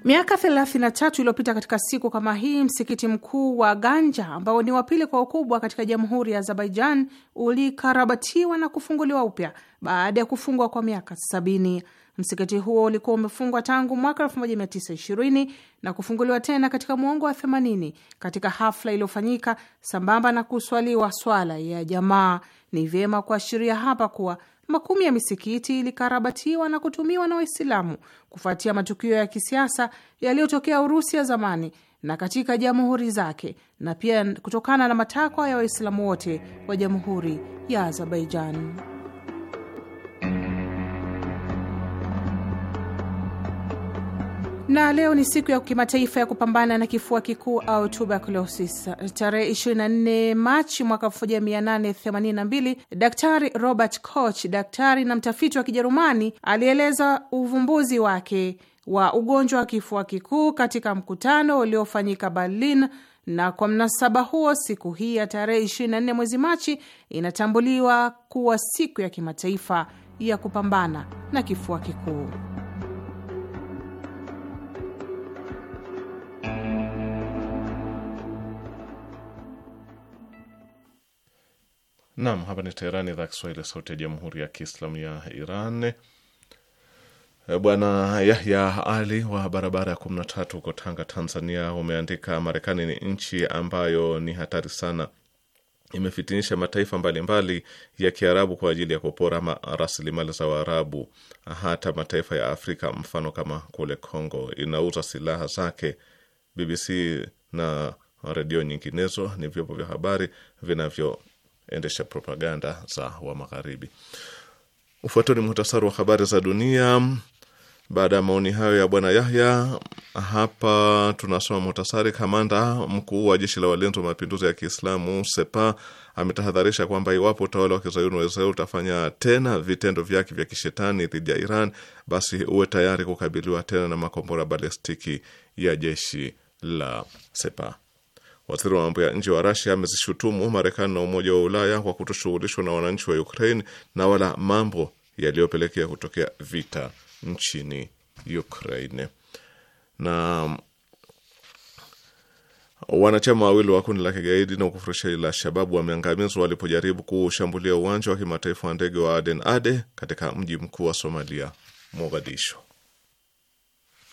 Speaker 4: Miaka 33 iliyopita katika siku kama hii, msikiti mkuu wa Ganja ambao ni wa pili kwa ukubwa katika jamhuri ya Azerbaijan ulikarabatiwa na kufunguliwa upya baada ya kufungwa kwa miaka sabini. Msikiti huo ulikuwa umefungwa tangu mwaka 1920 na kufunguliwa tena katika mwongo wa 80 katika hafla iliyofanyika sambamba na kuswaliwa swala ya jamaa. Ni vyema kuashiria hapa kuwa makumi ya misikiti ilikarabatiwa na kutumiwa na Waislamu kufuatia matukio ya kisiasa yaliyotokea Urusi ya zamani na katika jamhuri zake na pia kutokana na matakwa ya Waislamu wote wa jamhuri ya Azerbaijan. Na leo ni siku ya kimataifa ya kupambana na kifua kikuu au tuberculosis. Tarehe 24 Machi mwaka 1882, Daktari Robert Koch, daktari na mtafiti wa Kijerumani, alieleza uvumbuzi wake wa ugonjwa wa kifua kikuu katika mkutano uliofanyika Berlin na kwa mnasaba huo siku hii ya tarehe 24 mwezi Machi inatambuliwa kuwa siku ya kimataifa ya kupambana na kifua kikuu.
Speaker 1: Naam, hapa ni Teherani, idhaa Kiswahili, sauti ya jamhuri ya kiislamu ya Iran. Eh, Bwana Yahya Ali wa barabara ya kumi na tatu huko Tanga, Tanzania, umeandika Marekani ni nchi ambayo ni hatari sana, imefitinisha mataifa mbalimbali mbali ya Kiarabu kwa ajili ya kupora rasilimali za Waarabu. Hata mataifa ya Afrika mfano kama kule Congo inauza silaha zake. BBC na redio nyinginezo ni vyombo vya habari vinavyo kuendesha propaganda za wa Magharibi. Ufuatao ni muhtasari wa habari za dunia. Baada ya maoni hayo ya bwana Yahya, hapa tunasoma muhtasari. Kamanda mkuu wa jeshi la walinzi wa mapinduzi ya Kiislamu Sepa ametahadharisha kwamba iwapo utawala wa kizayuni wa Israel utafanya tena vitendo vyake vya kishetani dhidi ya Iran, basi uwe tayari kukabiliwa tena na makombora balistiki ya jeshi la Sepa. Waziri wa mambo ya nje wa Rasia amezishutumu Marekani na Umoja wa Ulaya kwa kutoshughulishwa na wananchi wa Ukraine na wala mambo yaliyopelekea kutokea vita nchini Ukraine. Na wanachama wawili wa kundi la kigaidi na ukufurishaji la Shababu wameangamizwa walipojaribu kushambulia uwanja wa kimataifa wa ndege wa Aden Ade katika mji mkuu wa Somalia, mogadisho